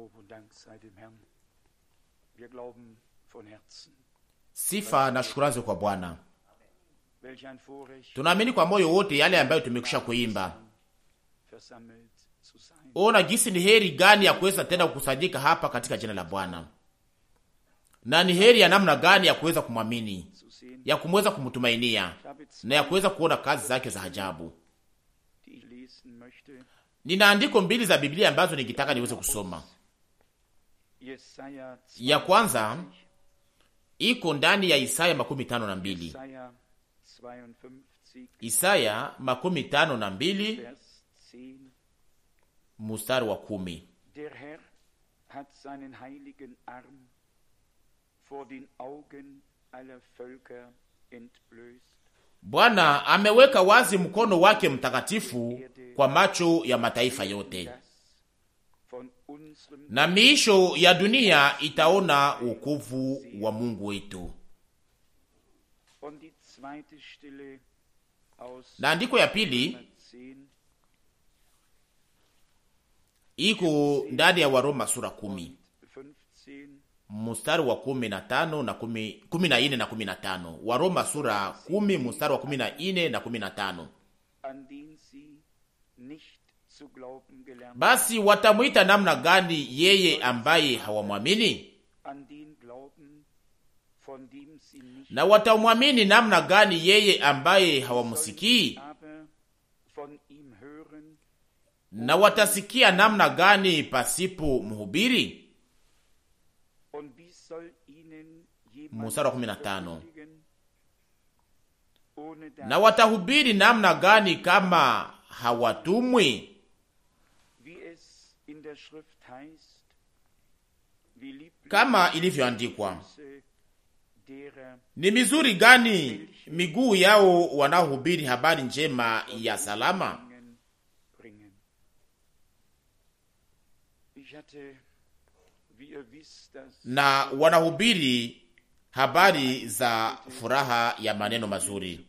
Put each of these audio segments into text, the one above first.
Lob und Dank sei dem Herrn. Wir glauben von Herzen. Sifa na shukrani kwa Bwana. Tunaamini kwa moyo wote yale ambayo tumekwisha kuimba. Ona jinsi ni heri gani ya kuweza tena kukusanyika hapa katika jina la Bwana, na ni heri ya namna gani ya kuweza kumwamini, ya kumweza kumtumainia na ya kuweza kuona kazi zake za ajabu. Nina andiko mbili za Biblia ambazo nikitaka niweze kusoma ya kwanza iko ndani ya Isaya makumi tano na mbili Isaya makumi tano na mbili mustari wa kumi Bwana ameweka wazi mkono wake mtakatifu kwa macho ya mataifa yote na miisho ya dunia itaona wokovu wa Mungu wetu. Na andiko ya pili iko ndani ya Waroma sura kumi mstari wa kumi na tano na kumi, kumi na ine na kumi na tano Waroma sura kumi mstari wa kumi na ine na kumi na tano basi watamwita namna gani yeye ambaye hawamwamini? Na watamwamini namna gani yeye ambaye hawamsikii? Na watasikia namna gani pasipo mhubiri? na watahubiri namna gani kama hawatumwi? kama ilivyoandikwa, ni mizuri gani miguu yao wanaohubiri habari njema ya salama. Na wanahubiri habari za furaha ya maneno mazuri.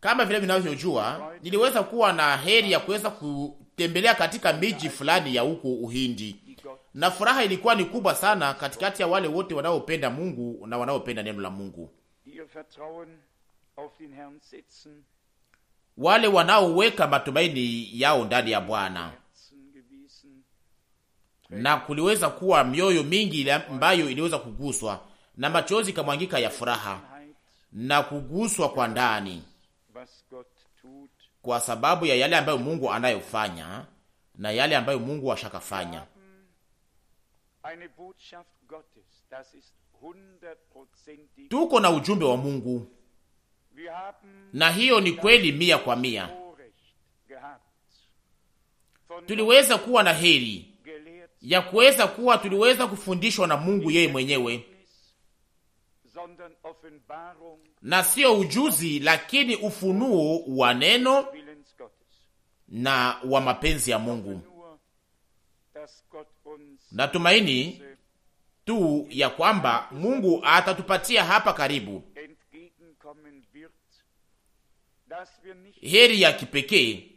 Kama vile vinavyojua, niliweza kuwa na heri ya kuweza ku kutembelea katika miji fulani ya huko Uhindi, na furaha ilikuwa ni kubwa sana katikati ya wale wote wanaopenda Mungu na wanaopenda neno la Mungu, wale wanaoweka matumaini yao ndani ya Bwana na kuliweza kuwa mioyo mingi ambayo iliweza kuguswa na machozi kamwangika ya furaha na kuguswa kwa ndani kwa sababu ya yale ambayo Mungu anayofanya na yale ambayo Mungu ashakafanya. Tuko na ujumbe wa Mungu na hiyo ni kweli mia kwa mia. Tuliweza kuwa na heri ya kuweza kuwa tuliweza kufundishwa na Mungu yeye mwenyewe na sio ujuzi, lakini ufunuo wa neno na wa mapenzi ya Mungu. Natumaini tu ya kwamba Mungu atatupatia hapa karibu heri ya kipekee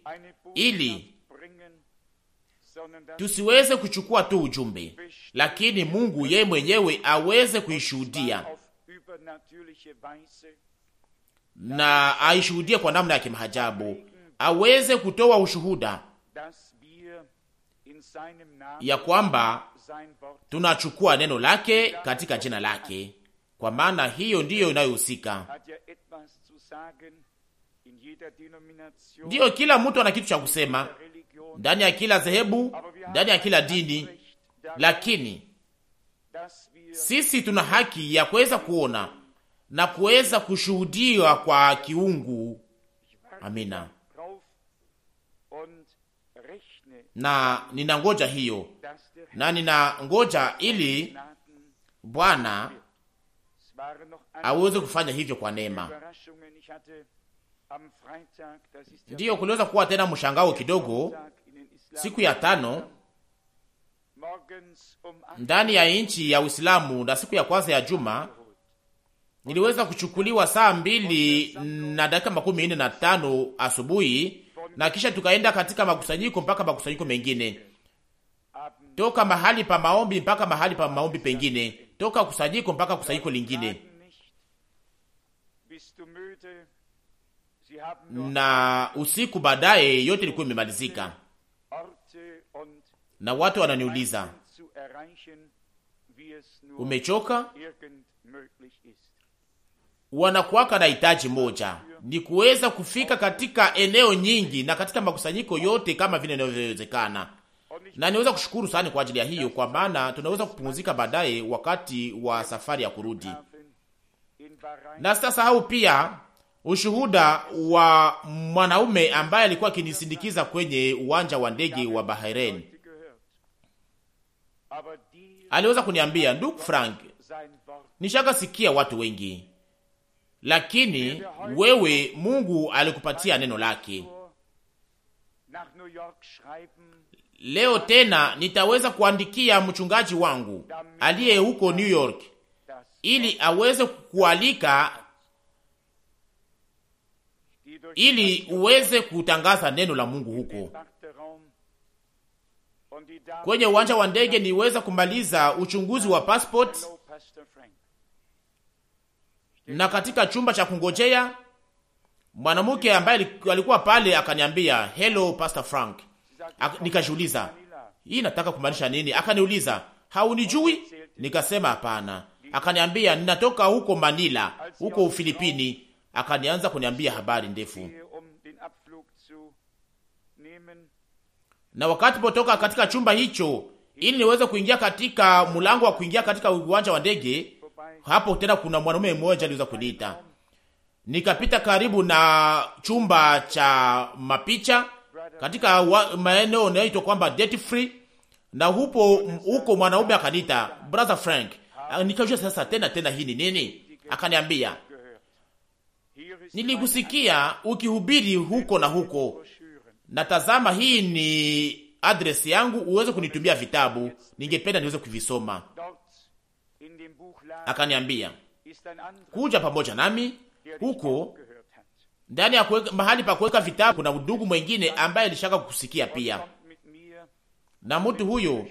ili tusiweze kuchukua tu ujumbe, lakini Mungu yeye mwenyewe aweze kuishuhudia na aishuhudie kwa namna ya kimahajabu aweze kutoa ushuhuda uh, ya kwamba tunachukua neno lake katika jina uh, lake, kwa maana hiyo ndiyo inayohusika. Ndiyo, kila mtu ana kitu cha kusema ndani ya kila dhehebu, ndani ya kila dini, lakini sisi tuna haki ya kuweza kuona na kuweza kushuhudiwa kwa kiungu. Amina, na nina ngoja hiyo, na nina ngoja ili Bwana aweze kufanya hivyo kwa neema. Ndiyo, kuliweza kuwa tena mshangao kidogo siku ya tano Um, ndani ya nchi ya Uislamu, na siku ya kwanza ya juma niliweza kuchukuliwa saa mbili na dakika makumi nne na tano asubuhi, na kisha tukaenda katika makusanyiko mpaka makusanyiko mengine, toka mahali pa maombi mpaka mahali pa maombi pengine, toka kusanyiko mpaka kusanyiko lingine, na usiku baadaye yote ilikuwa imemalizika na watu wananiuliza umechoka? Wanakuwaka na hitaji moja ni kuweza kufika katika eneo nyingi na katika makusanyiko yote kama vile inavyowezekana, na niweza kushukuru sana kwa ajili ya hiyo, kwa maana tunaweza kupumzika baadaye wakati wa safari ya kurudi. Na sitasahau pia ushuhuda wa mwanaume ambaye alikuwa akinisindikiza kwenye uwanja wa ndege wa Bahrain aliweza kuniambia, ndugu Frank, nishaka sikia watu wengi, lakini wewe Mungu alikupatia neno lake. Leo tena nitaweza kuandikia mchungaji wangu aliye huko New York ili aweze kukualika ili uweze kutangaza neno la Mungu huko kwenye uwanja wa ndege niweza kumaliza uchunguzi wa passport na katika chumba cha kungojea mwanamke ambaye alikuwa pale akaniambia hello Pastor Frank. Nikajiuliza, hii nataka kumaanisha nini? Akaniuliza, haunijui? Nikasema hapana. Akaniambia, ninatoka huko Manila, huko Ufilipini. Akanianza kuniambia habari ndefu na wakati potoka katika chumba hicho, ili niweze kuingia katika mlango wa kuingia katika uwanja wa ndege, hapo tena kuna mwanaume mmoja aliweza kuniita. Nikapita karibu na chumba cha mapicha katika maeneo yanayoitwa kwamba duty free, na hupo huko mwanaume akaniita brother Frank. Nikajua sasa tena tena hii ni nini? Akaniambia, nilikusikia ukihubiri huko na huko na tazama, hii ni adresi yangu, uweze kunitumia vitabu, ningependa niweze kuvisoma. Akaniambia kuja pamoja nami huko ndani ya kuweka, mahali pa kuweka vitabu. Kuna ndugu mwengine ambaye alishaka kusikia pia, na mtu huyo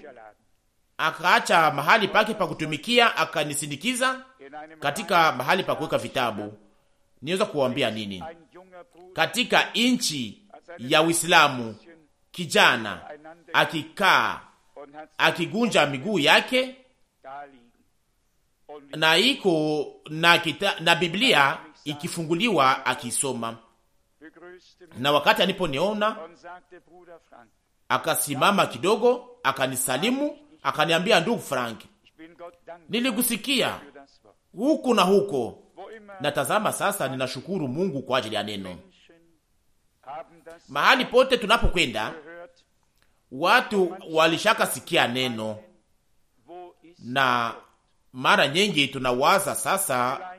akaacha mahali pake pa kutumikia akanisindikiza katika mahali pa kuweka vitabu. Niweza kuwambia nini katika nchi ya Uislamu, kijana akikaa akigunja miguu yake na iko na, kita, na Biblia ikifunguliwa akisoma. Na wakati aliponiona akasimama kidogo, akanisalimu, akaniambia ndugu Frank, nilikusikia huku na huko. Natazama sasa, ninashukuru Mungu kwa ajili ya neno mahali pote tunapokwenda, watu walishakasikia neno, na mara nyingi tunawaza sasa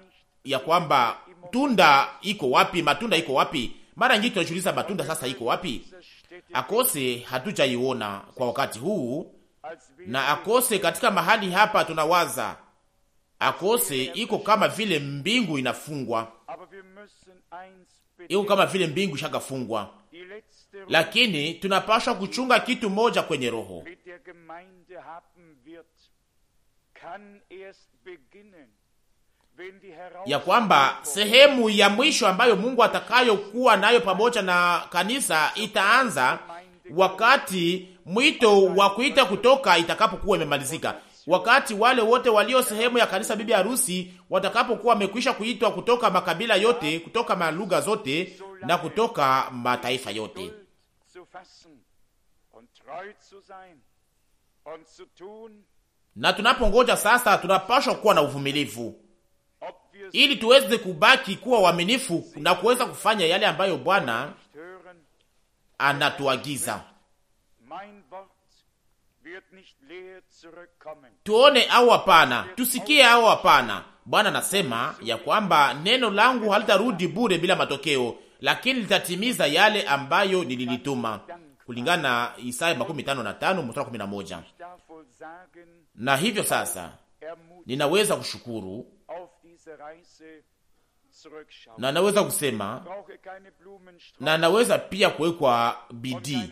ya kwamba tunda iko wapi? Matunda iko wapi? Mara nyingi tunajiuliza matunda sasa iko wapi? Akose hatujaiona kwa wakati huu, na akose katika mahali hapa tunawaza akose iko kama vile mbingu inafungwa, iko kama vile mbingu ishakafungwa, lakini tunapashwa kuchunga kitu moja kwenye roho. Ya kwamba sehemu ya mwisho ambayo Mungu atakayokuwa nayo pamoja na kanisa itaanza wakati mwito wa kuita kutoka itakapokuwa imemalizika, wakati wale wote walio sehemu ya kanisa bibi harusi watakapokuwa wamekwisha kuitwa kutoka makabila yote, kutoka malugha zote, na kutoka mataifa yote na tunapongoja sasa, tunapashwa kuwa na uvumilivu ili tuweze kubaki kuwa waaminifu na kuweza kufanya yale ambayo Bwana anatuagiza. Tuone au hapana, tusikie au hapana. Bwana anasema ya kwamba neno langu halitarudi bure bila matokeo, lakini litatimiza yale ambayo nililituma, kulingana na Isaya makumi tano na tano mstari kumi na moja. Na hivyo sasa ninaweza kushukuru na naweza kusema na naweza pia kuwekwa bidii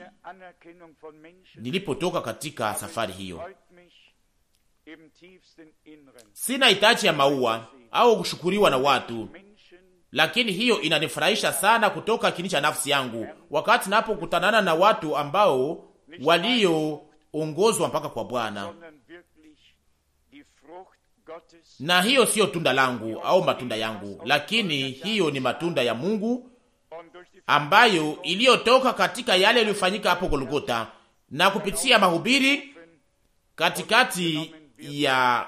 nilipotoka katika safari hiyo. Sina hitaji ya maua au kushukuriwa na watu, lakini hiyo inanifurahisha sana kutoka kini cha nafsi yangu, wakati napokutanana na watu ambao walioongozwa mpaka kwa Bwana. Na hiyo siyo tunda langu au matunda yangu, lakini hiyo ni matunda ya Mungu ambayo iliyotoka katika yale yaliyofanyika hapo Golgota na kupitia mahubiri katikati ya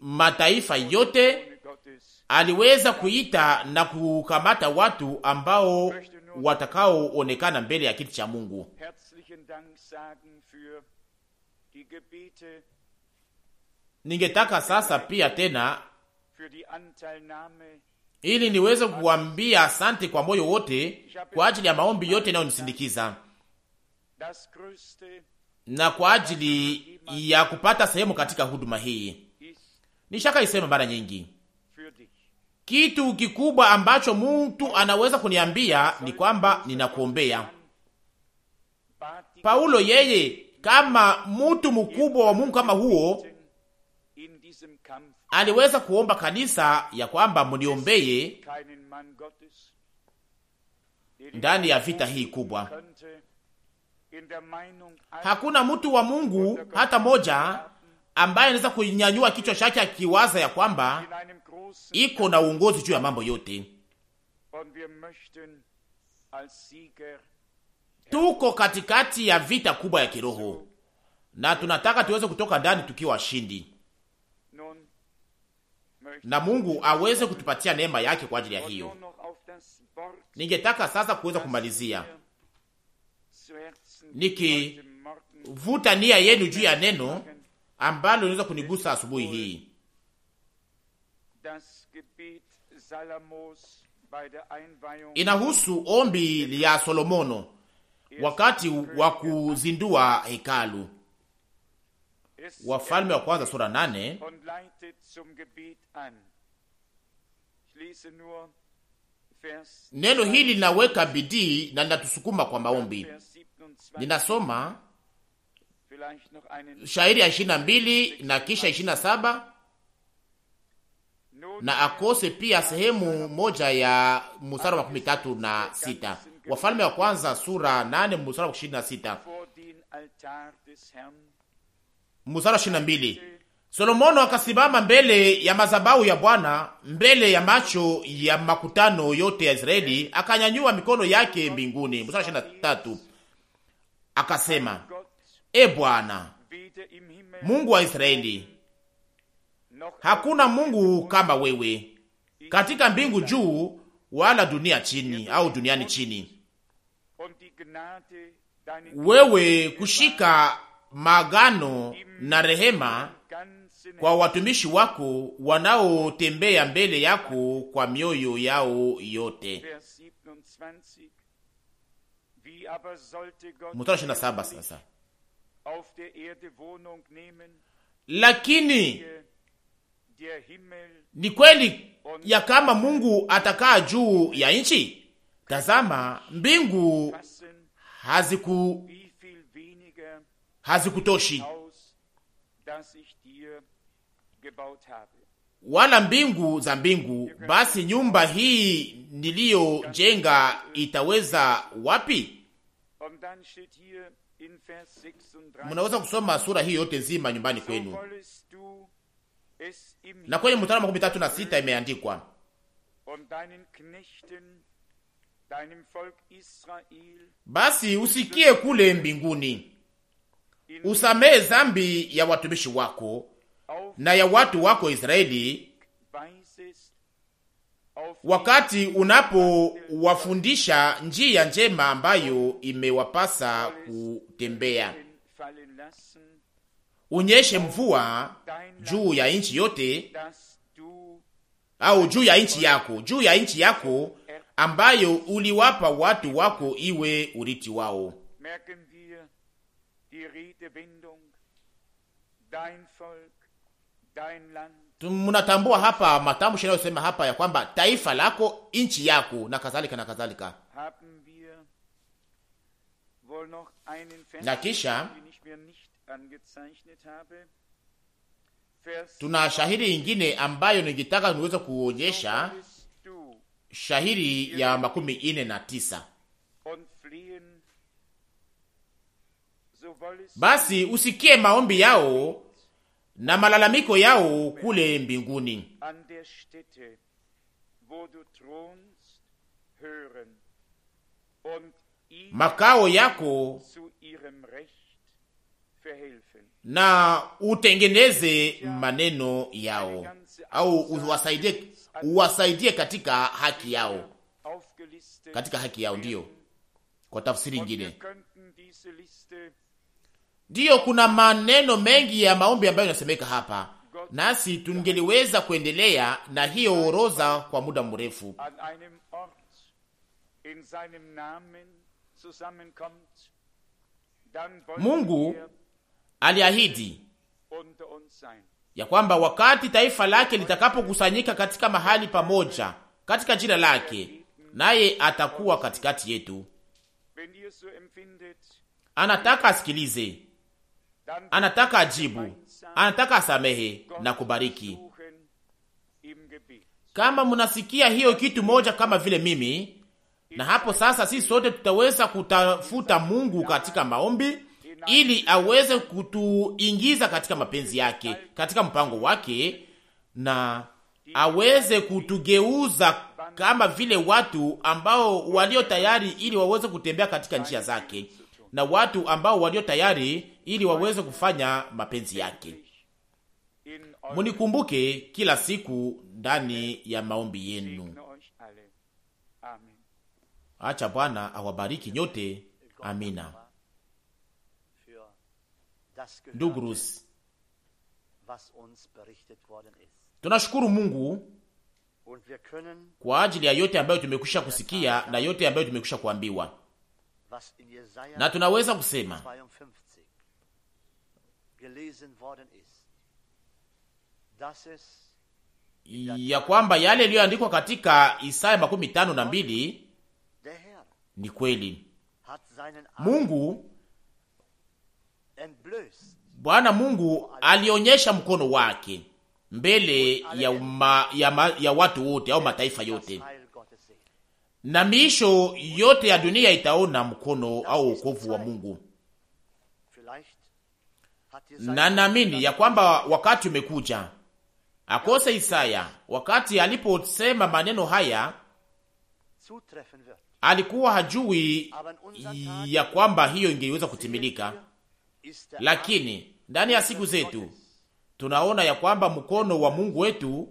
mataifa yote aliweza kuita na kukamata watu ambao watakaoonekana mbele ya kiti cha Mungu. Ningetaka sasa pia tena ili niweze kuambia asante kwa moyo wote kwa ajili ya maombi yote nisindikiza na kwa ajili ya kupata sehemu katika huduma hii. Nishaka isema mara nyingi kitu kikubwa ambacho mtu anaweza kuniambia ni kwamba ninakuombea. Paulo yeye kama mtu mkubwa wa Mungu kama huo aliweza kuomba kanisa ya kwamba mniombeye ndani ya vita hii kubwa. Hakuna mtu wa Mungu hata moja ambaye anaweza kunyanyua kichwa chake akiwaza ya kwamba iko na uongozi juu ya mambo yote. Tuko katikati ya vita kubwa ya kiroho na tunataka tuweze kutoka ndani tukiwa washindi, na Mungu aweze kutupatia neema yake kwa ajili ya hiyo. Ningetaka sasa kuweza kumalizia nikivuta nia yenu juu ya neno ambalo linaweza kunigusa asubuhi hii inahusu ombi ya Solomono wakati wa kuzindua hekalu. Wafalme wa Kwanza sura nane neno hili linaweka bidii na linatusukuma kwa maombi. Ninasoma shairi ya ishirini na mbili na kisha ishirini na saba na akose pia sehemu moja ya mstari wa makumi tatu na sita. Wafalme wa kwanza sura nane mstari wa ishirini na sita mstari wa ishirini na mbili Solomono akasimama mbele ya mazabau ya Bwana, mbele ya macho ya makutano yote ya Israeli, akanyanyua mikono yake mbinguni. Mstari wa ishirini na tatu akasema: E Bwana Mungu wa Israeli, hakuna Mungu kama wewe katika mbingu juu wala dunia chini au duniani chini. Wewe kushika magano na rehema kwa watumishi wako wanaotembea mbele yako kwa mioyo yao yote. Sasa lakini ni kweli ya kama Mungu atakaa juu ya nchi? Tazama, mbingu haziku hazikutoshi, wala mbingu za mbingu. Basi nyumba hii niliyojenga itaweza wapi? Mnaweza kusoma sura hii yote nzima nyumbani kwenu na kwenye mstari makumi tatu na sita imeandikwa basi usikie kule mbinguni, usamehe zambi ya watumishi wako na ya watu wako Israeli, wakati unapowafundisha njia njema ambayo imewapasa kutembea unyeshe mvua juu ya nchi yote, au juu ya nchi yako, juu ya nchi yako ambayo uliwapa watu wako iwe urithi wao. Mnatambua hapa matamshi yanayosema hapa ya kwamba taifa lako, nchi yako, na kadhalika na kadhalika. Na kisha Tuna shahiri ingine ambayo ningetaka niweze kuonyesha, shahiri ya makumi ine na tisa: basi usikie maombi yao na malalamiko yao kule mbinguni makao yako na utengeneze maneno yao au uwasaidie, uwasaidie katika haki yao, katika haki yao. Ndiyo, kwa tafsiri ingine, ndiyo kuna maneno mengi ya maombi ambayo inasemeka hapa, nasi tungeliweza kuendelea na hiyo orodha kwa muda mrefu Mungu aliahidi ya kwamba wakati taifa lake litakapokusanyika katika mahali pamoja katika jina lake, naye atakuwa katikati yetu. Anataka asikilize, anataka ajibu, anataka asamehe na kubariki. Kama mnasikia hiyo kitu moja kama vile mimi, na hapo sasa, sisi sote tutaweza kutafuta Mungu katika maombi ili aweze kutuingiza katika mapenzi yake, katika mpango wake, na aweze kutugeuza kama vile watu ambao walio tayari ili waweze kutembea katika njia zake, na watu ambao walio tayari ili waweze kufanya mapenzi yake. Munikumbuke kila siku ndani ya maombi yenu. Acha Bwana awabariki nyote. Amina. Ndugu Rusi, tunashukuru Mungu kwa ajili ya yote ambayo tumekwisha kusikia na yote ambayo tumekwisha kuambiwa, na tunaweza kusema ya kwamba yale yaliyoandikwa katika Isaya makumi tano na mbili ni kweli. Mungu Bwana Mungu alionyesha mkono wake mbele ya, uma, ya, ma, ya watu wote au mataifa yote, na miisho yote ya dunia itaona mkono au wokovu wa Mungu, na naamini ya kwamba wakati umekuja akose Isaya wakati aliposema maneno haya alikuwa hajui ya kwamba hiyo ingeweza kutimilika, lakini ndani ya siku zetu tunaona ya kwamba mkono wa Mungu wetu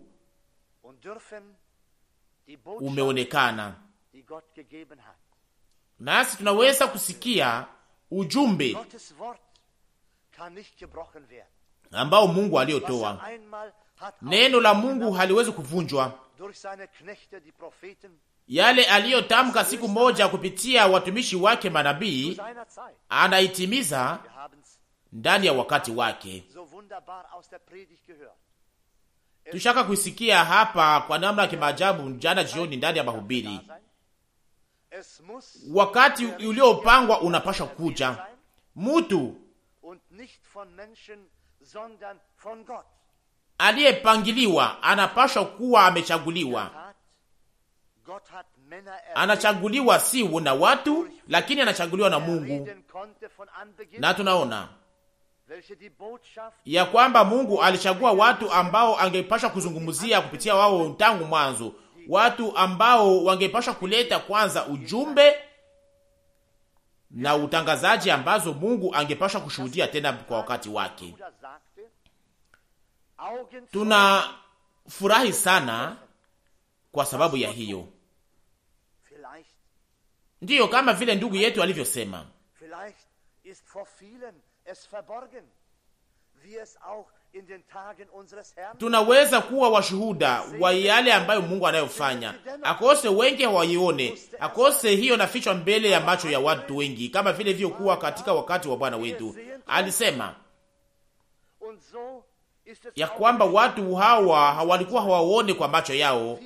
umeonekana, nasi tunaweza kusikia ujumbe ambao Mungu aliotoa. Neno la Mungu haliwezi kuvunjwa. Yale aliyotamka siku moja kupitia watumishi wake manabii anaitimiza ndani ya wakati wake. Er Tushaka kuisikia hapa kwa namna ya kimaajabu jana jioni ndani ya mahubiri. Wakati uliopangwa unapashwa kuja, mutu aliyepangiliwa anapashwa kuwa amechaguliwa. Anachaguliwa si na watu, lakini anachaguliwa na Mungu, na tunaona ya kwamba Mungu alichagua watu ambao angepashwa kuzungumzia kupitia wao tangu mwanzo, watu ambao wangepashwa kuleta kwanza ujumbe na utangazaji ambazo Mungu angepashwa kushuhudia tena kwa wakati wake. Tunafurahi sana kwa sababu ya hiyo. Ndiyo, kama vile ndugu yetu alivyosema Tunaweza kuwa washuhuda wa yale ambayo Mungu anayofanya, akose wengi hawaione, akose hiyo nafichwa mbele ya macho ya watu wengi, kama vile ilivyokuwa katika wakati wa Bwana wetu. Alisema ya kwamba watu hawa walikuwa hawaone kwa macho yao,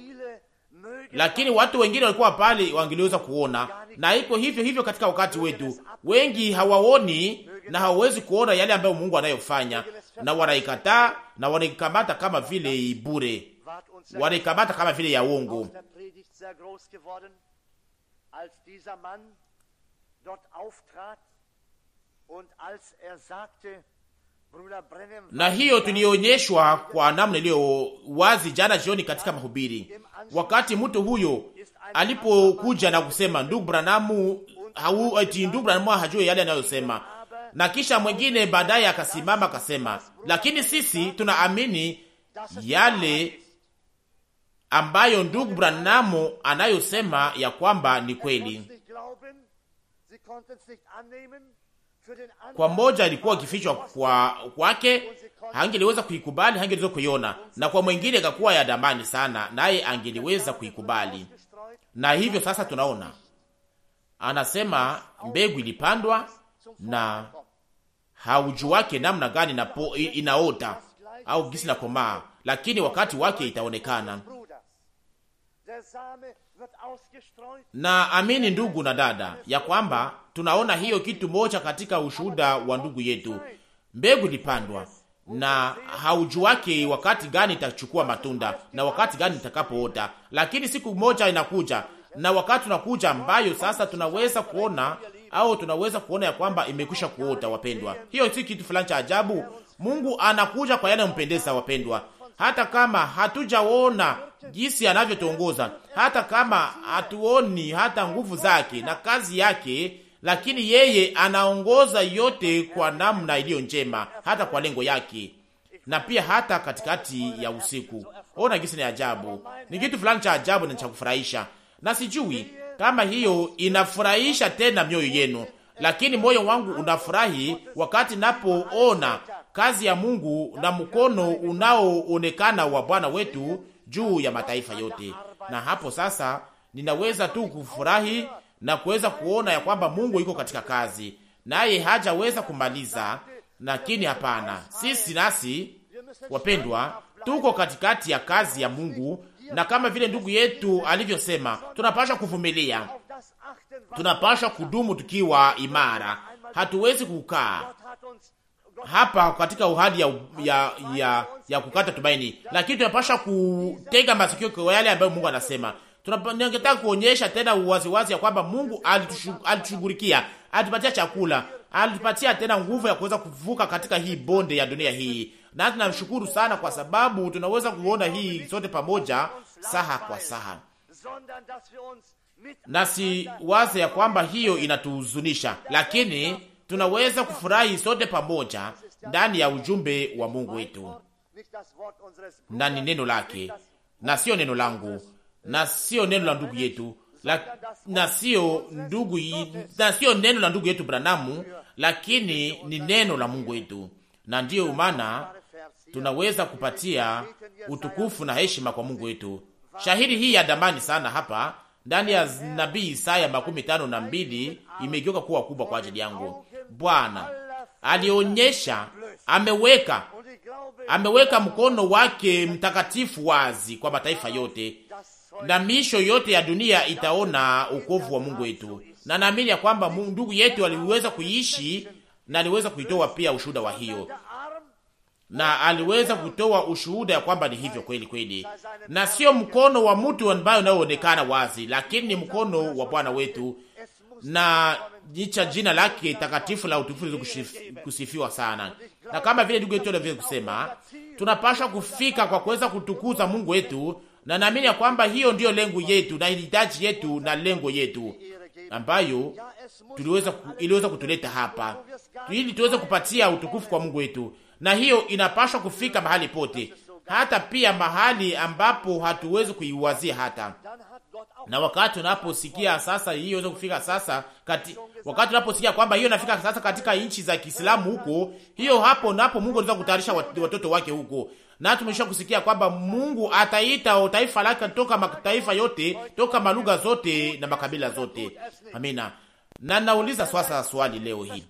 lakini watu wengine walikuwa pale wangeliweza kuona, na iko hivyo hivyo katika wakati wetu, wengi hawaoni na hawezi kuona yale ambayo Mungu anayofanya, na wanaikataa na wanaikamata kama vile ibure wanaikamata kama vile ya uongo. Er na hiyo tulionyeshwa kwa namna iliyo wazi jana jioni katika mahubiri, wakati mtu huyo alipokuja na kusema ndugu Branamu, hau eti ndugu Branamu hajue yale anayosema na kisha mwengine baadaye akasimama akasema, lakini sisi tunaamini yale ambayo ndugu Branamu anayosema ya kwamba ni kweli. Kwa moja ilikuwa kifichwa kwa kwake, hangeliweza kuikubali, hangeliweza kuiona, na kwa mwingine ikakuwa ya damani sana, naye angeliweza kuikubali. Na hivyo sasa tunaona, anasema mbegu ilipandwa na hauju wake namna gani na po, inaota au gisi na komaa, lakini wakati wake itaonekana. Na amini ndugu na dada, ya kwamba tunaona hiyo kitu moja katika ushuhuda wa ndugu yetu. Mbegu ilipandwa na hauju wake wakati gani itachukua matunda na wakati gani itakapoota, lakini siku moja inakuja na wakati unakuja ambayo sasa tunaweza kuona au tunaweza kuona ya kwamba imekwisha kuota. Wapendwa, hiyo si kitu fulani cha ajabu. Mungu anakuja kwa yale mpendeza, wapendwa, hata kama hatujaona jinsi anavyotuongoza, hata kama hatuoni hata nguvu zake na kazi yake, lakini yeye anaongoza yote kwa namna iliyo njema, hata kwa lengo yake na pia hata katikati ya usiku. Ona jinsi ni ajabu, ni kitu fulani cha ajabu na cha kufurahisha, na sijui kama hiyo inafurahisha tena mioyo yenu, lakini moyo wangu unafurahi wakati napoona kazi ya Mungu na mkono unaoonekana wa Bwana wetu juu ya mataifa yote. Na hapo sasa ninaweza tu kufurahi na kuweza kuona ya kwamba Mungu yuko katika kazi, naye hajaweza kumaliza. Lakini hapana, sisi nasi wapendwa, tuko katikati ya kazi ya Mungu na kama vile ndugu yetu alivyosema, tunapasha kuvumilia, tunapasha kudumu tukiwa imara. Hatuwezi kukaa hapa katika uhadi ya, ya, ya, ya kukata tumaini, lakini tunapasha kutega masikio kwa yale ambayo Mungu anasema. Tunataka kuonyesha tena uwaziwazi ya kwamba Mungu alitushughulikia, alitupatia chakula, alitupatia tena nguvu ya kuweza kuvuka katika hii bonde ya dunia hii na tunamshukuru sana kwa sababu tunaweza kuona hii sote pamoja saha kwa saha, na si waze ya kwamba hiyo inatuhuzunisha, lakini tunaweza kufurahi sote pamoja ndani ya ujumbe wa Mungu wetu, na ni neno lake na sio neno langu na sio neno la ndugu yetu la, na sio ndugu na sio neno la ndugu yetu Branamu, lakini ni neno la Mungu wetu, na ndiyo maana tunaweza kupatia utukufu na heshima kwa Mungu wetu. Shahiri hii ya damani sana hapa ndani ya nabii Isaya makumi tano na mbili imegeuka kuwa kubwa kwa ajili yangu. Bwana alionyesha, ameweka ameweka mkono wake mtakatifu wazi kwa mataifa yote, na misho yote ya dunia itaona ukovu wa Mungu wetu, na naamini ya kwamba ndugu yetu aliweza kuiishi na aliweza kuitoa pia ushuhuda wa hiyo na aliweza kutoa ushuhuda ya kwamba ni hivyo kweli kweli, na sio mkono wa mtu ambaye unaoonekana wazi, lakini ni mkono wa Bwana wetu, na jicha jina lake takatifu la utukufu kusifiwa sana. Na kama vile ndugu yetu vile kusema, tunapaswa kufika kwa kuweza kutukuza Mungu wetu, na naamini ya kwamba hiyo ndiyo lengo yetu na hitaji yetu na lengo yetu ambayo tuliweza, iliweza kutuleta hapa ili tuweze kupatia utukufu kwa Mungu wetu na hiyo inapaswa kufika mahali pote, hata pia mahali ambapo hatuwezi kuiwazia hata. Na wakati unaposikia sasa hiyo iweze kufika sasa kati, wakati unaposikia kwamba hiyo inafika sasa katika nchi za Kiislamu huko, hiyo hapo napo Mungu anaweza kutayarisha watoto wake huko na tumesha kusikia kwamba Mungu ataita taifa lake toka mataifa yote toka malugha zote na makabila zote. Amina. Na nauliza sasa swali leo hii,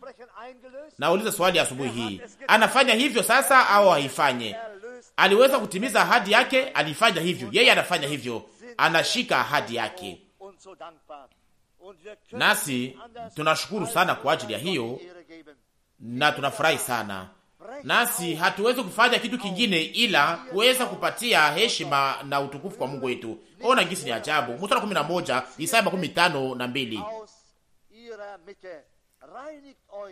Nauliza swali asubuhi hii, anafanya hivyo sasa au haifanye? Aliweza kutimiza ahadi yake, alifanya hivyo. Yeye anafanya hivyo, anashika ahadi yake, nasi tunashukuru sana kwa ajili ya hiyo na tunafurahi sana. Nasi hatuwezi kufanya kitu kingine ila kuweza kupatia heshima na utukufu kwa Mungu wetu. Ona gisi ni ajabu. Mstari 11, Isaya tano na mbili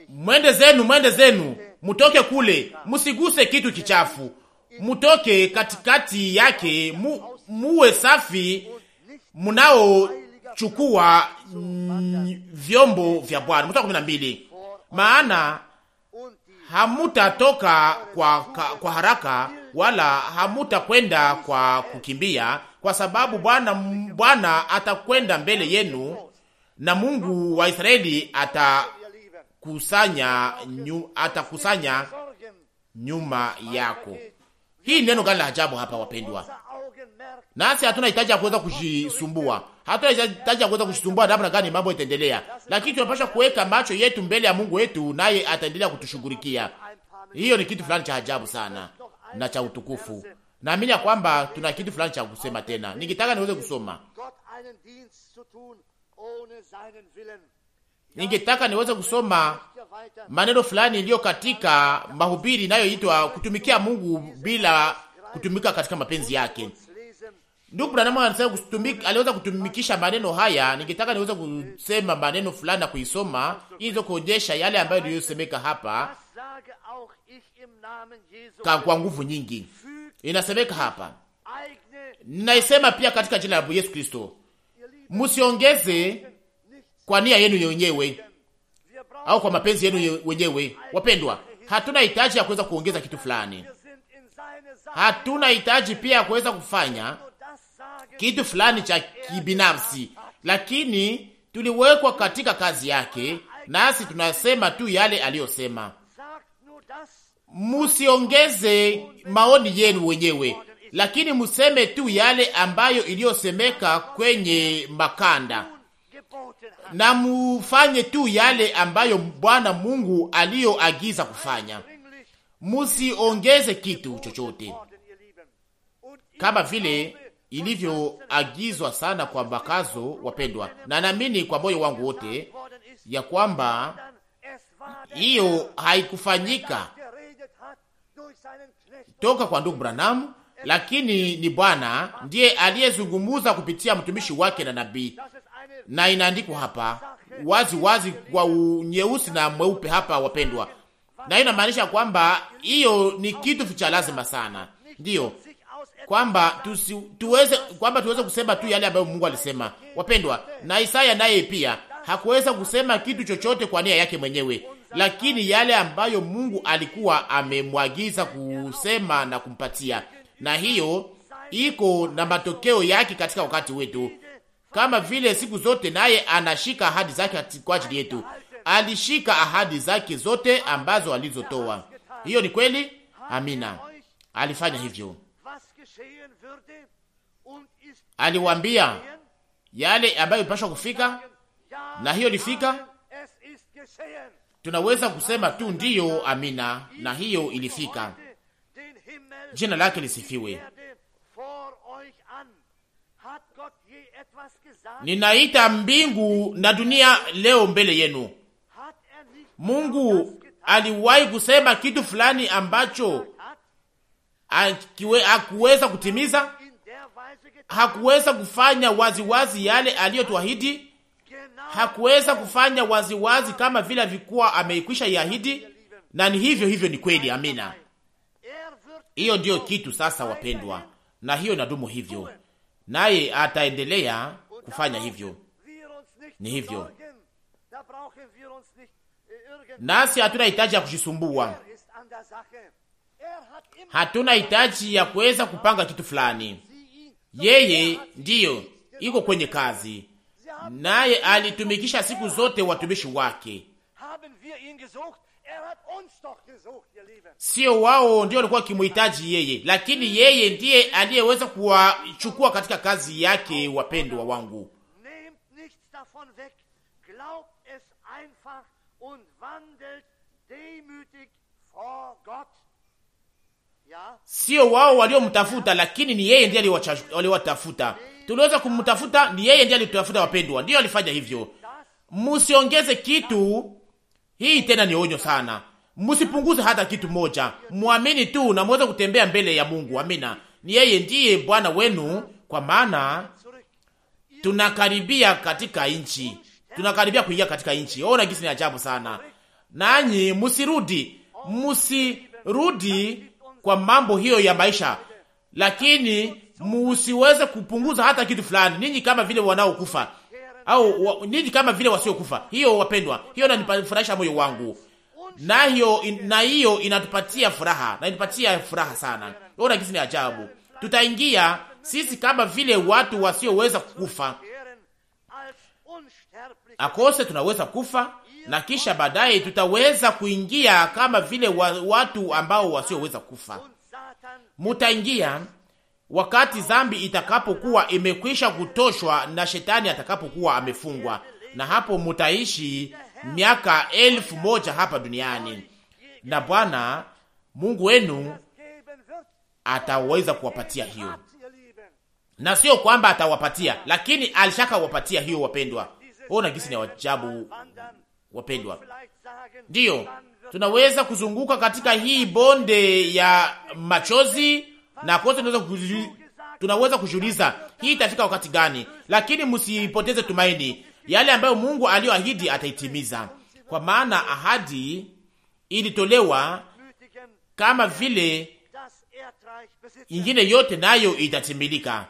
mwende zenu, mwende zenu, mutoke kule, musiguse kitu kichafu, mutoke katikati yake, mu, muwe safi, munaochukua mm, vyombo vya Bwana. Mstari kumi na mbili, maana hamutatoka kwa, kwa haraka wala hamutakwenda kwa kukimbia, kwa sababu Bwana Bwana atakwenda mbele yenu na Mungu wa Israeli ata kusanya nyu, atakusanya nyuma yako. Hii neno gani la ajabu hapa wapendwa? Nasi hatuna hitaji ya kuweza kujisumbua, hatuna hitaji ya kuweza kujisumbua namna gani mambo itaendelea, lakini tunapaswa kuweka macho yetu mbele ya Mungu wetu, naye ataendelea kutushughulikia. Hiyo ni kitu fulani cha ajabu sana na cha utukufu. Naamini ya kwamba tuna kitu fulani cha kusema tena. Ningetaka niweze kusoma ningetaka niweze kusoma maneno fulani iliyo katika mahubiri inayoitwa kutumikia Mungu bila kutumika katika mapenzi yake. Ndugu Branham anasema kutumika, aliweza kutumikisha maneno haya. Ningetaka niweze kusema maneno fulani na kuisoma hizo kuonyesha yale ambayo niliyosemeka hapa ka kwa nguvu nyingi. Inasemeka hapa, ninaisema pia katika jina la Yesu Kristo, msiongeze kwa nia yenu wenyewe au kwa mapenzi yenu wenyewe. Wapendwa, hatuna hitaji ya kuweza kuongeza kitu fulani, hatuna hitaji pia ya kuweza kufanya kitu fulani cha kibinafsi, lakini tuliwekwa katika kazi yake, nasi tunasema tu yale aliyosema. Musiongeze maoni yenu wenyewe, lakini museme tu yale ambayo iliyosemeka kwenye makanda na mufanye tu yale ambayo Bwana Mungu aliyoagiza kufanya, musiongeze kitu chochote, kama vile ilivyoagizwa sana kwa makazo, wapendwa. Na naamini kwa moyo wangu wote ya kwamba hiyo haikufanyika toka kwa ndugu Branamu, lakini ni Bwana ndiye aliyezungumuza kupitia mtumishi wake na nabii na inaandikwa hapa wazi wazi kwa nyeusi na mweupe hapa, wapendwa, na hiyo inamaanisha kwamba hiyo ni kitu cha lazima sana, ndiyo kwamba tusi, tuweze kwamba tuweze kusema tu yale ambayo Mungu alisema, wapendwa. Na Isaya naye pia hakuweza kusema kitu chochote kwa nia yake mwenyewe, lakini yale ambayo Mungu alikuwa amemwagiza kusema na kumpatia, na hiyo iko na matokeo yake katika wakati wetu kama vile siku zote, naye anashika ahadi zake kwa ajili yetu. Alishika ahadi zake zote ambazo alizotoa. Hiyo ni kweli, amina. Alifanya hivyo, aliwaambia yale ambayo ipashwa kufika, na hiyo ilifika. Tunaweza kusema tu ndiyo, amina, na hiyo ilifika. Jina lake lisifiwe. Ninaita mbingu na dunia leo mbele yenu. Mungu aliwahi kusema kitu fulani ambacho hakuweza kutimiza, hakuweza kufanya waziwazi wazi yale aliyotuahidi, hakuweza kufanya waziwazi wazi kama vile alivyokuwa ameikwisha iahidi, na ni hivyo hivyo, ni kweli. Amina, hiyo ndiyo kitu sasa, wapendwa, na hiyo inadumu hivyo, naye ataendelea kufanya hivyo. Ni hivyo, nasi hatuna hitaji ya kujisumbua, hatuna hitaji ya kuweza kupanga kitu fulani. Yeye ndiyo iko kwenye kazi, naye alitumikisha siku zote watumishi wake sio wao ndio walikuwa wakimhitaji yeye, lakini yeye ndiye aliyeweza kuwachukua katika kazi yake. Wapendwa wangu, sio wao waliomtafuta, lakini ni yeye ndiye aliwatafuta. Tuliweza kumtafuta, ni yeye ndiye alitafuta. Wapendwa, ndiyo alifanya hivyo. Musiongeze kitu hii tena ni onyo sana. Msipunguze hata kitu moja, mwamini tu na muweze kutembea mbele ya Mungu. Amina, ni yeye ndiye Bwana wenu, kwa maana tunakaribia katika nchi, tunakaribia kuingia katika nchi. Ona gisi ni ajabu sana. Nanyi msirudi, msirudi kwa mambo hiyo ya maisha, lakini musiweze kupunguza hata kitu fulani, ninyi kama vile wanaokufa au wa, nini kama vile wasiokufa. Hiyo wapendwa, hiyo inanifurahisha moyo wangu, na hiyo in, na hiyo inatupatia furaha na inatupatia furaha sana. Ona kisi ni ajabu, tutaingia sisi kama vile watu wasioweza kufa akose tunaweza kufa na kisha baadaye tutaweza kuingia kama vile wa, watu ambao wasioweza kufa mutaingia wakati zambi itakapokuwa imekwisha kutoshwa na shetani atakapokuwa amefungwa, na hapo mutaishi miaka elfu moja hapa duniani, na Bwana Mungu wenu ataweza kuwapatia hiyo, na sio kwamba atawapatia, lakini alishaka wapatia hiyo. Wapendwa, ona gisi ni wajabu, wapendwa, ndiyo tunaweza kuzunguka katika hii bonde ya machozi na kote tunaweza kujiuliza hii itafika wakati gani, lakini msipoteze tumaini. Yale ambayo Mungu aliyoahidi ataitimiza, kwa maana ahadi ilitolewa kama vile ingine yote, nayo itatimilika.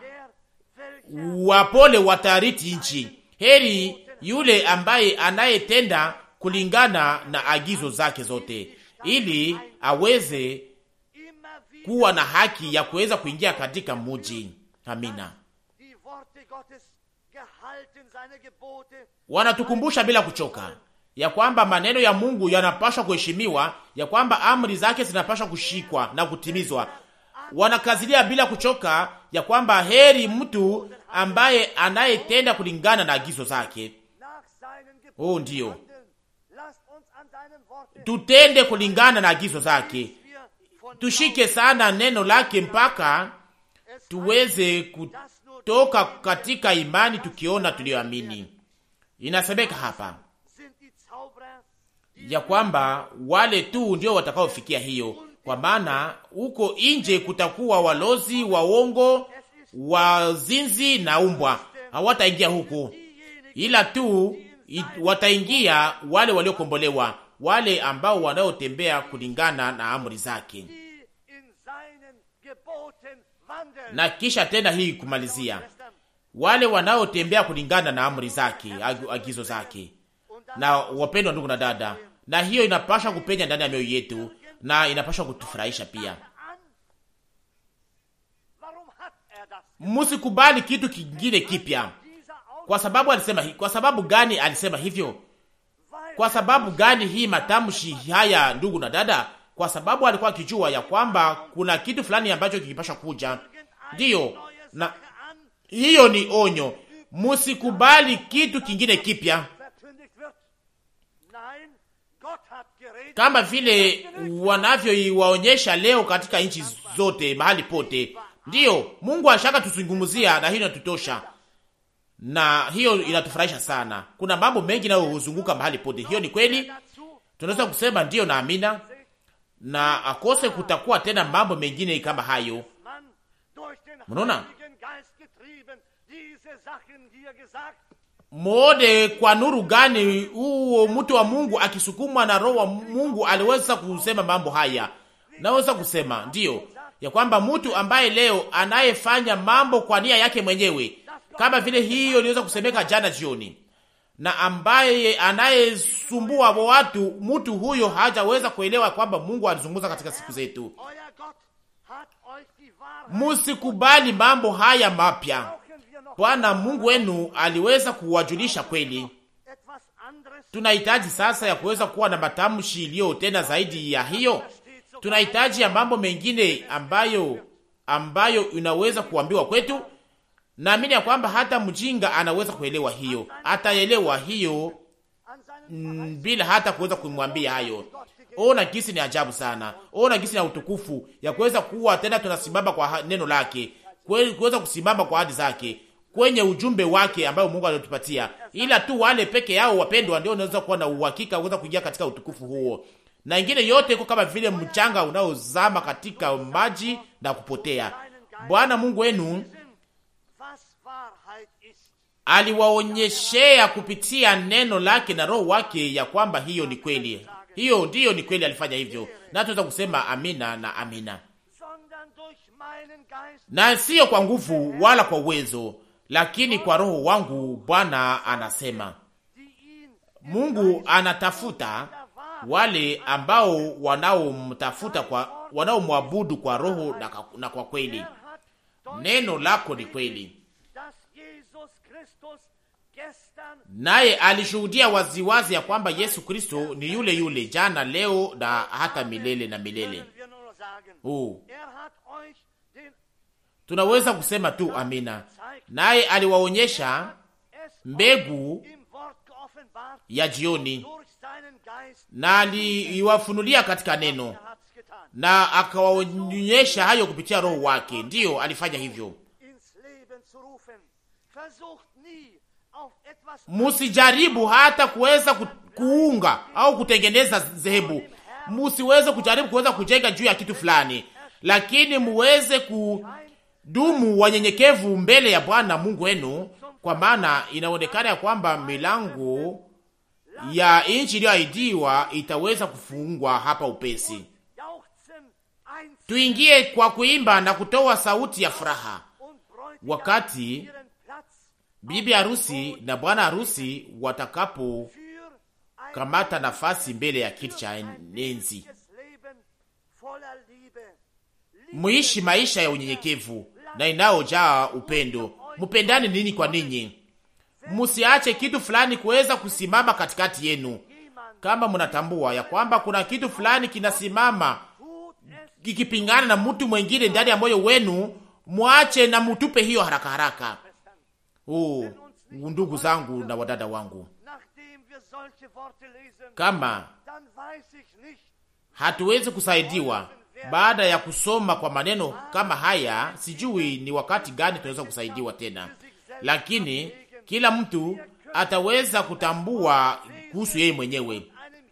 Wapole watariti nchi, heri yule ambaye anayetenda kulingana na agizo zake zote, ili aweze kuwa na haki ya kuweza kuingia katika muji. Amina. Wanatukumbusha bila kuchoka ya kwamba maneno ya Mungu yanapashwa kuheshimiwa, ya kwamba amri zake zinapashwa kushikwa na kutimizwa. Wanakazilia bila kuchoka ya kwamba heri mtu ambaye anayetenda kulingana na agizo zake. Oh, ndiyo tutende kulingana na agizo zake, tushike sana neno lake mpaka tuweze kutoka katika imani tukiona tuliyoamini. Inasemeka hapa ya kwamba wale tu ndio watakaofikia hiyo, kwa maana huko nje kutakuwa walozi uongo, wazinzi na umbwa, hawataingia huku, ila tu wataingia wale waliokombolewa wale ambao wanaotembea kulingana na amri zake. Na kisha tena hii kumalizia, wale wanaotembea kulingana na amri zake, agizo zake. Na wapendwa ndugu na dada, na hiyo inapasha kupenya ndani ya mioyo yetu na inapasha kutufurahisha pia. Musikubali kitu kingine kipya. Kwa sababu alisema, kwa sababu gani alisema hivyo? Kwa sababu gani hii matamshi haya, ndugu na dada? Kwa sababu alikuwa akijua ya kwamba kuna kitu fulani ambacho kikipasha kuja. Ndiyo, na hiyo ni onyo, musikubali kitu kingine kipya kama vile wanavyoiwaonyesha leo katika nchi zote mahali pote. Ndiyo, Mungu ashaka tuzungumuzia na hiyo natutosha na hiyo inatufurahisha sana. Kuna mambo mengi nayohuzunguka mahali pote, hiyo ni kweli. Tunaweza kusema ndiyo na amina, na akose kutakuwa tena mambo mengine kama hayo. Mnaona, mode kwa nuru gani huo mtu wa Mungu akisukumwa na roho wa Mungu aliweza kusema mambo haya. Naweza kusema ndiyo ya kwamba mtu ambaye leo anayefanya mambo kwa nia yake mwenyewe kama vile hiyo iliweza kusemeka jana jioni, na ambaye anayesumbua watu, mtu huyo hajaweza kuelewa kwamba Mungu alizungumza katika siku zetu. Musikubali mambo haya mapya. Bwana Mungu wenu aliweza kuwajulisha kweli. Tunahitaji sasa ya kuweza kuwa na matamshi iliyo tena zaidi ya hiyo. Tunahitaji ya mambo mengine ambayo ambayo inaweza kuambiwa kwetu Naamini ya kwamba hata mjinga anaweza kuelewa hiyo, ataelewa hiyo bila hata kuweza kumwambia hayo. Ona gisi ni ajabu sana, ona gisi na utukufu ya kuweza kuwa tena tunasimama kwa neno lake, kuweza kusimama kwa ahadi zake kwenye ujumbe wake ambayo Mungu alitupatia, Ila tu wale peke yao wapendwa ndio wanaweza kuwa na uhakika kuweza kuingia katika utukufu huo, na ingine yote iko kama vile mchanga unaozama katika maji na kupotea. Bwana Mungu wenu aliwaonyeshea kupitia neno lake na roho wake ya kwamba hiyo ni kweli, hiyo ndiyo ni kweli. Alifanya hivyo na tunaweza kusema amina na amina, na siyo kwa nguvu wala kwa uwezo, lakini kwa roho wangu, Bwana anasema. Mungu anatafuta wale ambao wanaomtafuta kwa wanaomwabudu kwa roho na kwa kweli. Neno lako ni kweli naye alishuhudia waziwazi ya kwamba Yesu Kristo ni yule yule jana, leo na hata milele na milele. Uh, tunaweza kusema tu amina. Naye aliwaonyesha er mbegu ya jioni na aliwafunulia katika neno na akawaonyesha hayo kupitia Roho wake. Ndiyo alifanya hivyo. musijaribu hata kuweza kuunga au kutengeneza zehebu musiweze kujaribu kuweza kujenga juu ya kitu fulani, lakini muweze kudumu wanyenyekevu mbele ya Bwana Mungu wenu, kwa maana inaonekana ya kwamba milango ya nchi iliyoahidiwa itaweza kufungwa hapa upesi. Tuingie kwa kuimba na kutoa sauti ya furaha wakati bibi harusi na bwana harusi watakapokamata nafasi mbele ya kiti cha enzi. Muishi maisha ya unyenyekevu na inayojaa upendo, mupendane ninyi kwa ninyi, musiache kitu fulani kuweza kusimama katikati yenu. Kama mnatambua ya kwamba kuna kitu fulani kinasimama kikipingana na mtu mwengine ndani ya moyo wenu, mwache na mutupe hiyo haraka haraka. Oh, ndugu zangu na wadada wangu, kama hatuwezi kusaidiwa baada ya kusoma kwa maneno kama haya, sijui ni wakati gani tunaweza kusaidiwa tena, lakini kila mtu ataweza kutambua kuhusu yeye mwenyewe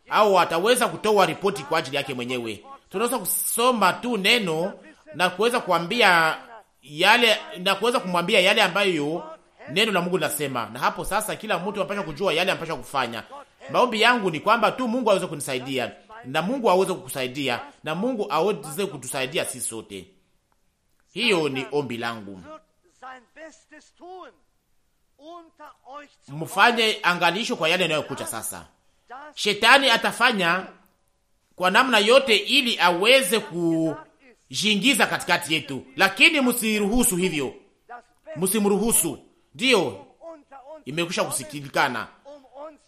au ataweza kutoa ripoti kwa ajili yake mwenyewe. Tunaweza kusoma tu neno na kuweza kuambia yale na kuweza kumwambia yale ambayo Neno la Mungu linasema, na hapo sasa kila mtu anapaswa kujua yale anapaswa kufanya. Maombi yangu ni kwamba tu Mungu aweze kunisaidia na Mungu aweze kukusaidia na Mungu aweze kutusaidia sisi sote. Hiyo ni ombi langu. Mfanye angalisho kwa yale yanayokuja sasa. Shetani atafanya kwa namna yote ili aweze kujiingiza katikati yetu, lakini msiruhusu hivyo, msimruhusu ndiyo imekwisha kusikilikana,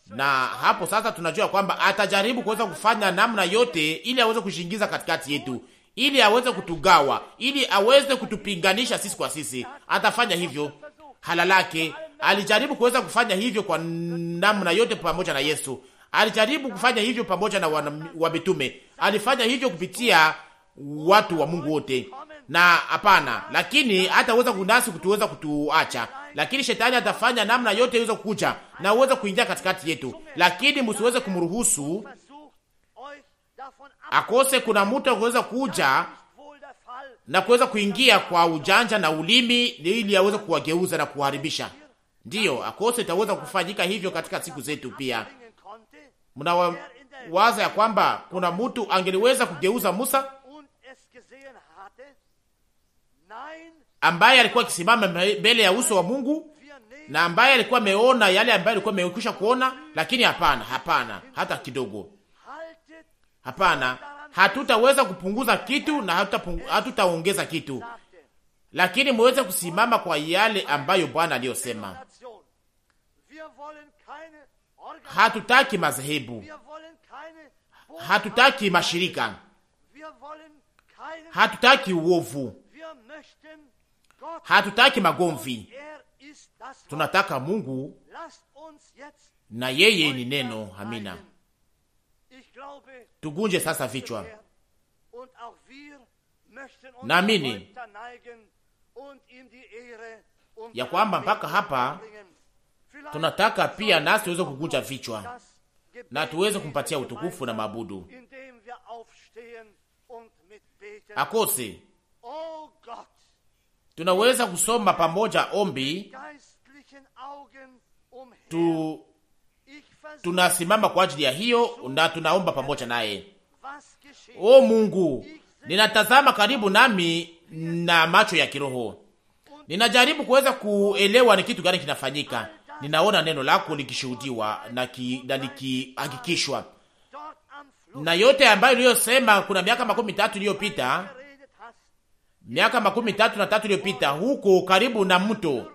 na hapo sasa tunajua kwamba atajaribu kuweza kufanya namna yote ili aweze kushingiza katikati yetu, ili aweze kutugawa, ili aweze kutupinganisha sisi kwa sisi. Atafanya hivyo halalake. Alijaribu kuweza kufanya hivyo kwa namna yote pamoja na Yesu. Alijaribu kufanya hivyo pamoja na wamitume. Alifanya hivyo kupitia watu wa Mungu wote, na hapana, lakini hataweza kunasi kutuweza kutuacha lakini shetani atafanya namna yote iweze kukuja na uweze kuingia katikati yetu, lakini msiweze kumruhusu akose. Kuna mtu akuweza kuja na kuweza kuingia kwa ujanja na ulimi, ili aweze kuwageuza na kuharibisha. Ndiyo, akose itaweza kufanyika hivyo katika siku zetu pia. Mnawaza ya kwamba kuna mtu angeliweza kugeuza Musa? ambaye alikuwa akisimama mbele ya uso wa Mungu na ambaye alikuwa ameona yale ambayo alikuwa amekwisha kuona. Lakini hapana, hapana, hata kidogo, hapana, hatutaweza kupunguza kitu na hatutaongeza hatuta kitu, lakini muweze kusimama kwa yale ambayo Bwana aliyosema. Hatutaki madhehebu, hatutaki mashirika, hatutaki uovu, Hatutaki magomvi, tunataka Mungu na yeye ni neno. Amina. Tugunje sasa vichwa. Naamini ya kwamba mpaka hapa tunataka pia nasi tuweze kugunja vichwa na tuweze kumpatia utukufu na mabudu akose oh tunaweza kusoma pamoja ombi tu, tunasimama kwa ajili ya hiyo na tunaomba pamoja naye. O Mungu, ninatazama karibu nami na macho ya kiroho, ninajaribu kuweza kuelewa ni kitu gani kinafanyika. Ninaona neno lako likishuhudiwa na likihakikishwa na yote ambayo iliyosema kuna miaka makumi tatu iliyopita miaka makumi tatu na tatu iliyopita huko karibu na mto,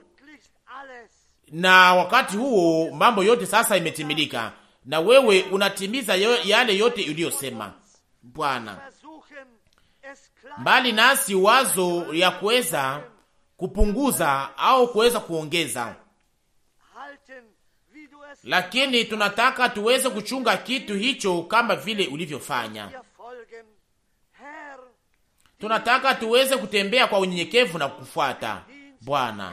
na wakati huo mambo yote sasa imetimilika, na wewe unatimiza yale yote uliyosema Bwana. Mbali nasi wazo ya kuweza kupunguza au kuweza kuongeza, lakini tunataka tuweze kuchunga kitu hicho kama vile ulivyofanya. Tunataka tuweze kutembea kwa unyenyekevu na kufuata Bwana.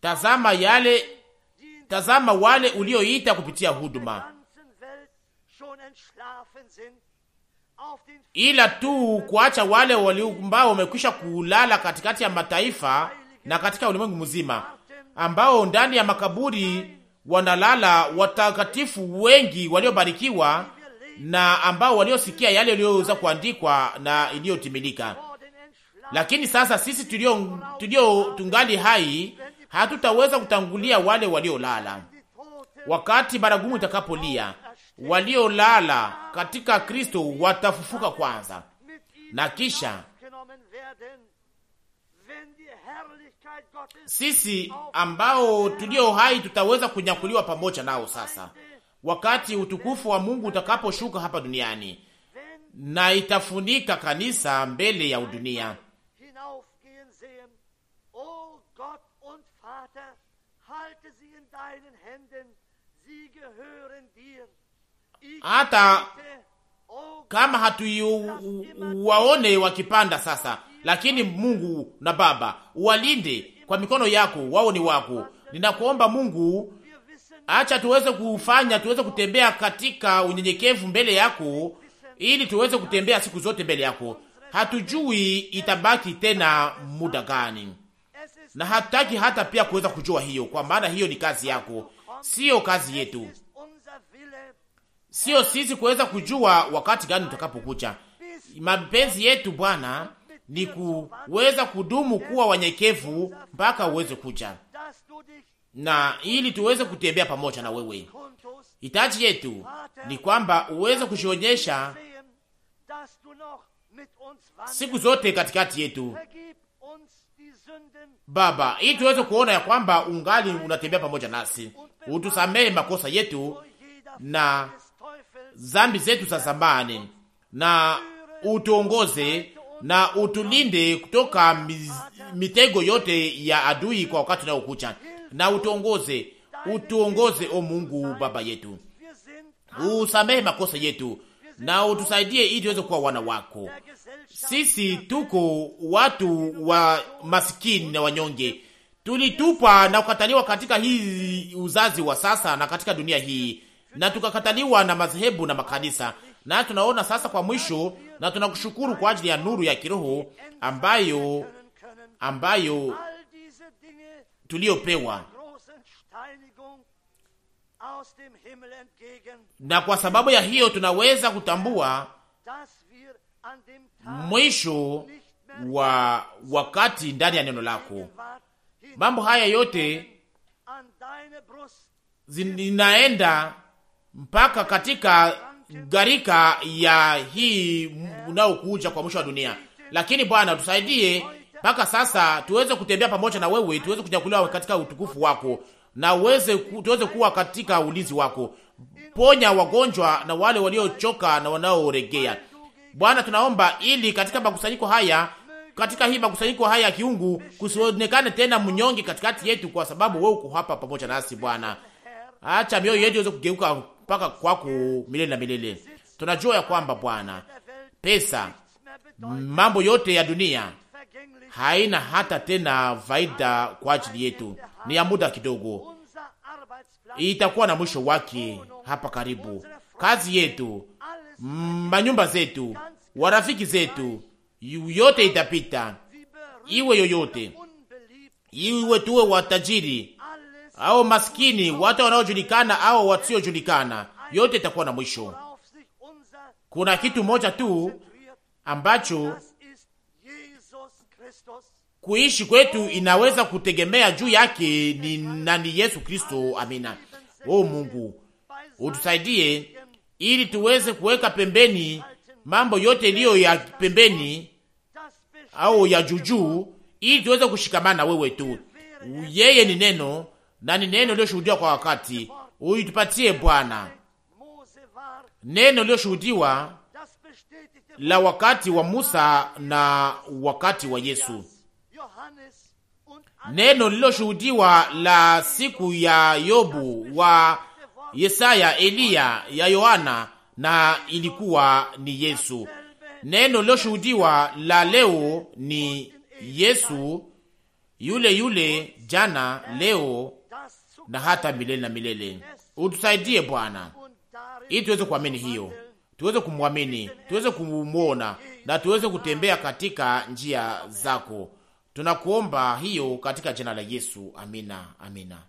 Tazama yale, tazama wale ulioita kupitia huduma, ila tu kuacha wale ambao wamekwisha kulala katikati ya mataifa na katika ulimwengu mzima, ambao ndani ya makaburi wanalala watakatifu wengi waliobarikiwa na ambao waliosikia yale yaliyoweza kuandikwa na iliyotimilika. Lakini sasa sisi tulio, tulio tungali hai hatutaweza kutangulia wale waliolala. Wakati baragumu itakapolia, waliolala katika Kristo watafufuka kwanza, na kisha sisi ambao tulio hai tutaweza kunyakuliwa pamoja nao sasa wakati utukufu wa Mungu utakaposhuka hapa duniani na itafunika kanisa mbele ya dunia. Hata kama hatuwaone wakipanda sasa, lakini Mungu na Baba uwalinde kwa mikono yako, wao ni wako. Ninakuomba Mungu Acha tuweze kufanya, tuweze kutembea katika unyenyekevu mbele yako, ili tuweze kutembea siku zote mbele yako. Hatujui itabaki tena muda gani, na hatutaki hata pia kuweza kujua hiyo, kwa maana hiyo ni kazi yako, sio kazi yetu, sio sisi kuweza kujua wakati gani utakapokuja. Mapenzi yetu Bwana ni kuweza kudumu kuwa wanyekevu mpaka uweze kuja, na ili tuweze kutembea pamoja na wewe. Hitaji yetu ni kwamba uweze kujionyesha siku zote katikati yetu, Baba, ili tuweze kuona ya kwamba ungali unatembea pamoja nasi. Utusamehe makosa yetu na zambi zetu za zamani, na utuongoze na utulinde kutoka mitego yote ya adui kwa wakati unaokucha na utuongoze, utuongoze o Mungu Baba yetu, usamehe makosa yetu na utusaidie ili tuweze kuwa wana wako. Sisi tuko watu wa masikini na wanyonge, tulitupwa na kukataliwa katika hii uzazi wa sasa na katika dunia hii, na tukakataliwa na madhehebu na makanisa, na tunaona sasa kwa mwisho, na tunakushukuru kwa ajili ya nuru ya kiroho ambayo ambayo tuliyopewa, na kwa sababu ya hiyo tunaweza kutambua mwisho wa wakati ndani ya neno lako. Mambo haya yote zinaenda mpaka katika gharika ya hii unaokuja kwa mwisho wa dunia, lakini Bwana tusaidie mpaka sasa tuweze kutembea pamoja na wewe, tuweze kunyakuliwa katika utukufu wako na uweze tuweze kuwa katika ulinzi wako. Ponya wagonjwa na wale waliochoka na wanaoregea Bwana, tunaomba ili katika makusanyiko haya katika hii makusanyiko haya ya kiungu kusionekane tena mnyonge katikati yetu, kwa sababu wewe uko hapa pamoja nasi Bwana. Acha mioyo yetu iweze kugeuka mpaka kwako milele na milele. Tunajua ya kwamba Bwana, pesa, mambo yote ya dunia haina hata tena faida kwa ajili yetu, ni ya muda kidogo, itakuwa na mwisho wake hapa karibu. Kazi yetu, manyumba zetu, warafiki zetu, yote itapita, iwe yoyote iwe, tuwe watajiri au maskini, watu wanaojulikana au wasiojulikana, yote itakuwa na mwisho. Kuna kitu moja tu ambacho kuishi kwetu inaweza kutegemea juu yake ni nani? Yesu Kristo. Amina. O Mungu, utusaidie ili tuweze kuweka pembeni mambo yote iliyo ya pembeni au ya juujuu ili tuweze kushikamana wewe tu. Yeye ni neno na ni neno iliyoshuhudiwa kwa wakati. Uitupatie Bwana neno iliyoshuhudiwa la wakati wa Musa na wakati wa Yesu neno lililoshuhudiwa la siku ya Yobu wa Yesaya, Eliya, ya Yohana na ilikuwa ni Yesu. Neno lililoshuhudiwa la leo ni Yesu yule yule, jana, leo na hata milele na milele. Utusaidie Bwana ili tuweze kuamini hiyo, tuweze kumwamini, tuweze kumwona na tuweze kutembea katika njia zako. Tunakuomba hiyo katika jina la Yesu, amina, amina.